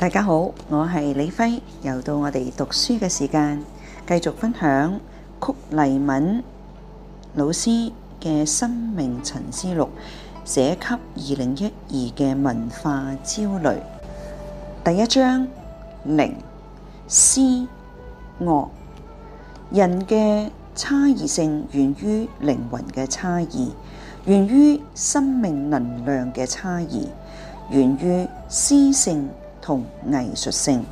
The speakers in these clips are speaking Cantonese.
大家好，我係李輝，又到我哋讀書嘅時間，繼續分享曲黎敏老師嘅《生命沉思錄》，寫給二零一二嘅文化焦慮。第一章：靈、思、樂。人嘅差異性源於靈魂嘅差異，源於生命能量嘅差異，源於思性。同藝術性，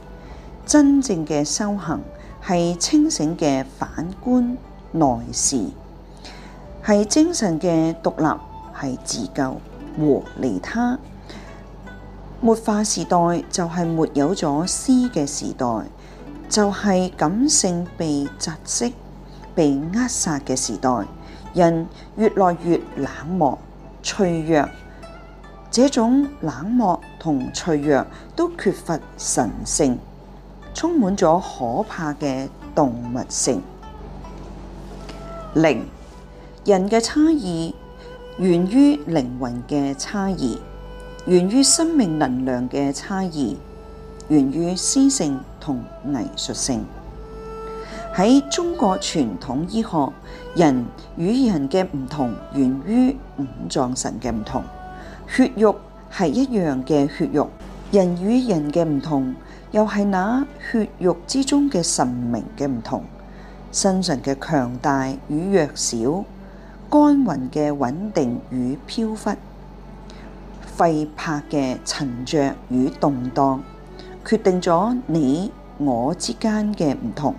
真正嘅修行係清醒嘅反觀內視，係精神嘅獨立，係自救和利他。物化時代就係沒有咗詩嘅時代，就係、是、感性被窒息、被扼殺嘅時代。人越來越冷漠、脆弱，這種冷漠。同脆弱都缺乏神性，充滿咗可怕嘅動物性。靈人嘅差異源於靈魂嘅差異，源於生命能量嘅差異，源於詩性同藝術性。喺中國傳統醫學，人與人嘅唔同，源於五臟神嘅唔同，血肉。係一樣嘅血肉，人與人嘅唔同，又係那血肉之中嘅神明嘅唔同，身神神嘅強大與弱小，肝魂嘅穩定與飄忽，肺魄嘅沉着與動蕩，決定咗你我之間嘅唔同。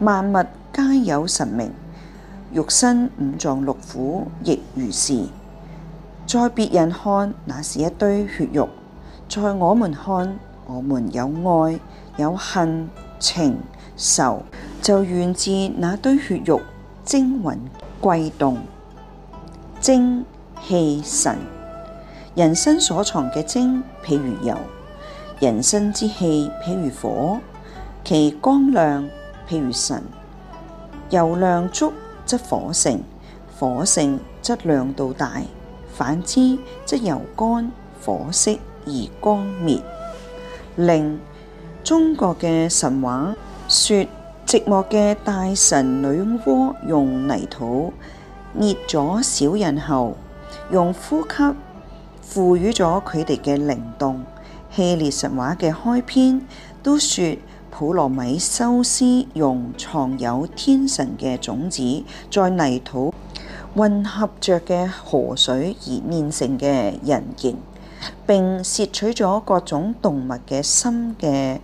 萬物皆有神明，肉身五臟六腑亦如是。在別人看，那是一堆血肉；在我們看，我們有愛、有恨、情、仇，就源自那堆血肉。精魂悸動，精氣神，人身所藏嘅精，譬如油；人身之氣，譬如火；其光亮，譬如神。油量足，則火盛；火盛，則亮度大。反之，則由肝火熄而光滅。另，中國嘅神話說，寂寞嘅大神女媧用泥土捏咗小人後，用呼吸賦予咗佢哋嘅靈動。希臘神話嘅開篇都說，普羅米修斯用藏有天神嘅種子在泥土。混合着嘅河水而煉成嘅人形，並攝取咗各種動物嘅心嘅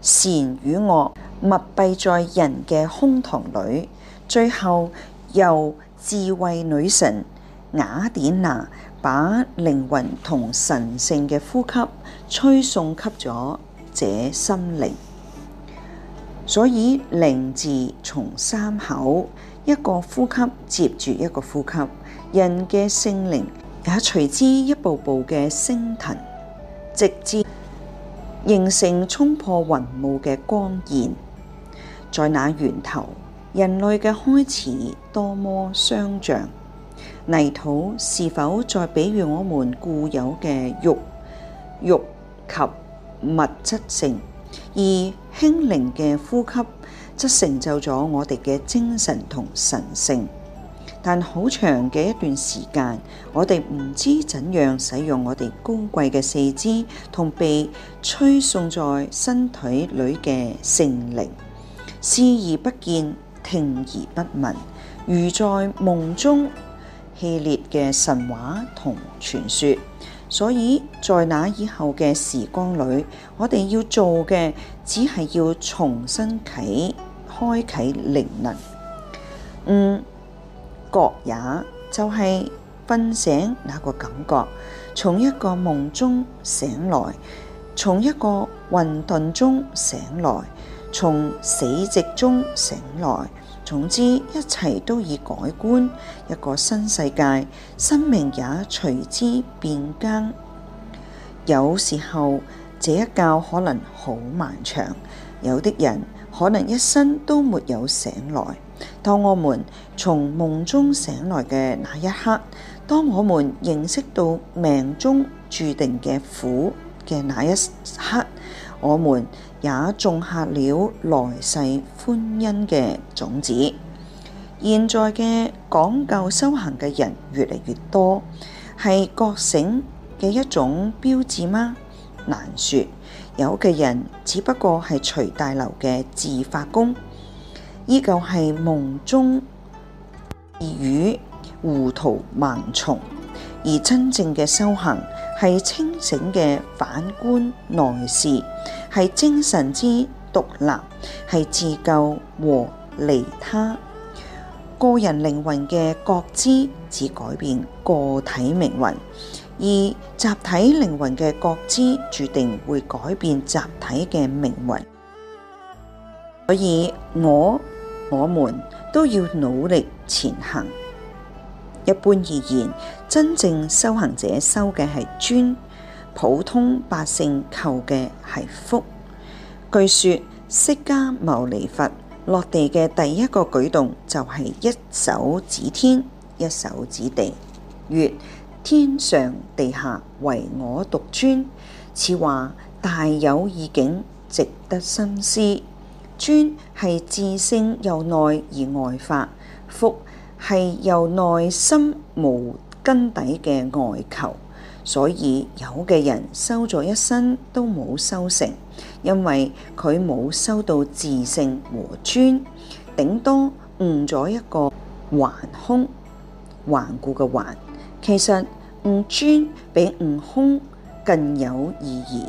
善與惡，密閉在人嘅胸膛裏。最後由智慧女神雅典娜把靈魂同神聖嘅呼吸吹送給咗這心靈。所以靈字從三口。一個呼吸接住一個呼吸，人嘅性靈也隨之一步步嘅升騰，直至形成沖破雲霧嘅光焰。在那源頭，人類嘅開始多麼相像。泥土是否在比喻我們固有嘅肉、肉及物質性？而輕靈嘅呼吸，則成就咗我哋嘅精神同神聖，但好長嘅一段時間，我哋唔知怎樣使用我哋高貴嘅四肢同被吹送在身體裏嘅聖靈，視而不見，聽而不聞，如在夢中系列嘅神話同傳說。所以在那以後嘅時光裏，我哋要做嘅只係要重新啟。開啟靈能，嗯，覺也就係瞓醒那個感覺，從一個夢中醒來，從一個混沌中醒來，從死寂中醒來，總之，一切都已改觀，一個新世界，生命也隨之變更。有時候，這一覺可能好漫長，有的人。可能一生都沒有醒來。當我們從夢中醒來嘅那一刻，當我們認識到命中注定嘅苦嘅那一刻，我們也種下了來世歡欣嘅種子。現在嘅講究修行嘅人越嚟越多，係覺醒嘅一種標誌嗎？難說。有嘅人，只不過係隨大流嘅自發功，依舊係夢中囈語、糊塗盲從；而真正嘅修行，係清醒嘅反觀內視，係精神之獨立，係自救和利他。個人靈魂嘅覺知只改變個體命運，而集體靈魂嘅覺知注定會改變集體嘅命運。所以我我哋都要努力前行。一般而言，真正修行者修嘅係尊，普通百姓求嘅係福。據說釋迦牟尼佛。落地嘅第一個舉動就係一手指天，一手指地，曰：天上地下唯我獨尊。此話大有意境，值得深思。尊係自性由內而外發，福係由內心無根底嘅外求。所以有嘅人修咗一生都冇修成，因為佢冇修到自性和尊，頂多悟咗一個還空、還故嘅還，其實悟尊比悟空更有意義，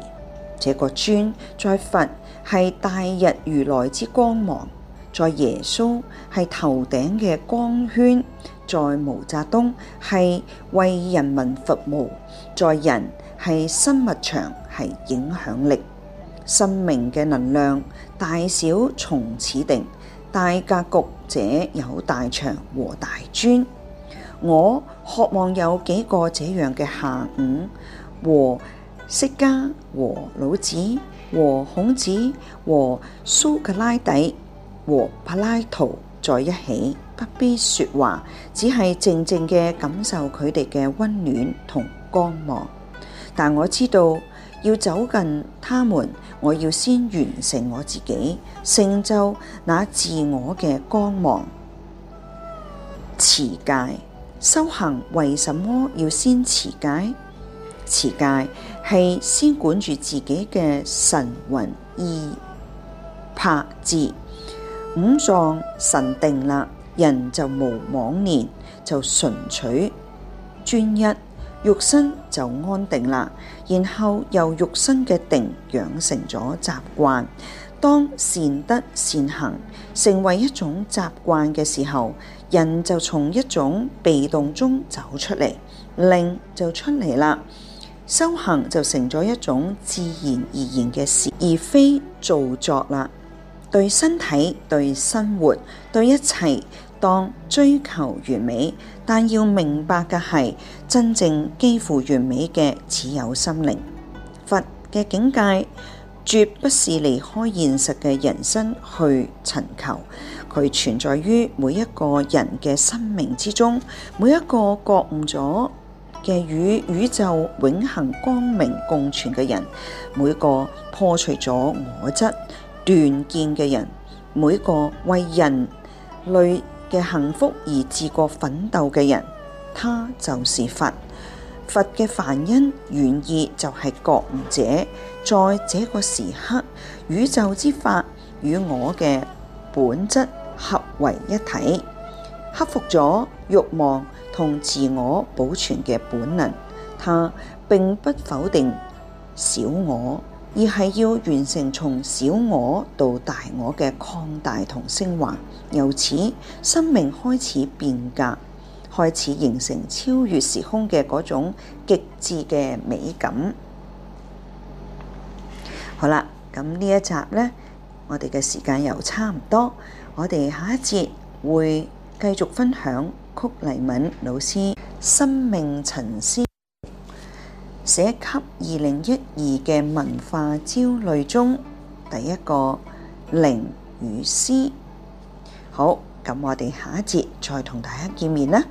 這個尊在佛係大日如來之光芒。在耶穌係頭頂嘅光圈，在毛澤東係為人民服務，在人係生物場係影響力，生命嘅能量大小從此定，大格局者有大長和大專。我渴望有幾個這樣嘅下午，和釋迦和老子和孔子和蘇格拉底。和柏拉圖在一起，不必說話，只係靜靜嘅感受佢哋嘅溫暖同光芒。但我知道要走近他們，我要先完成我自己，成就那自我嘅光芒。持戒修行為什麼要先持戒？持戒係先管住自己嘅神魂意魄志。五臟神定啦，人就無妄念，就純取專一，肉身就安定啦。然後由肉身嘅定養成咗習慣，當善德善行成為一種習慣嘅時候，人就從一種被動中走出嚟，靈就出嚟啦。修行就成咗一種自然而然嘅事，而非造作啦。對身體、對生活、對一切，當追求完美，但要明白嘅係真正幾乎完美嘅只有心靈。佛嘅境界絕不是離開現實嘅人生去尋求，佢存在於每一個人嘅生命之中。每一個覺悟咗嘅與宇宙永恆光明共存嘅人，每個破除咗我執、斷見嘅人，每個為人類嘅幸福而自覺奮鬥嘅人，他就是佛。佛嘅梵音原意就係覺悟者。在這個時刻，宇宙之法與我嘅本質合為一體，克服咗欲望同自我保存嘅本能。他並不否定小我。而係要完成從小我到大我嘅擴大同升華，由此生命開始變革，開始形成超越時空嘅嗰種極致嘅美感。好啦，咁呢一集呢，我哋嘅時間又差唔多，我哋下一節會繼續分享曲黎敏老師《生命沉思》。寫給二零一二嘅文化焦慮中，第一個靈與詩。好，咁我哋下一節再同大家見面啦。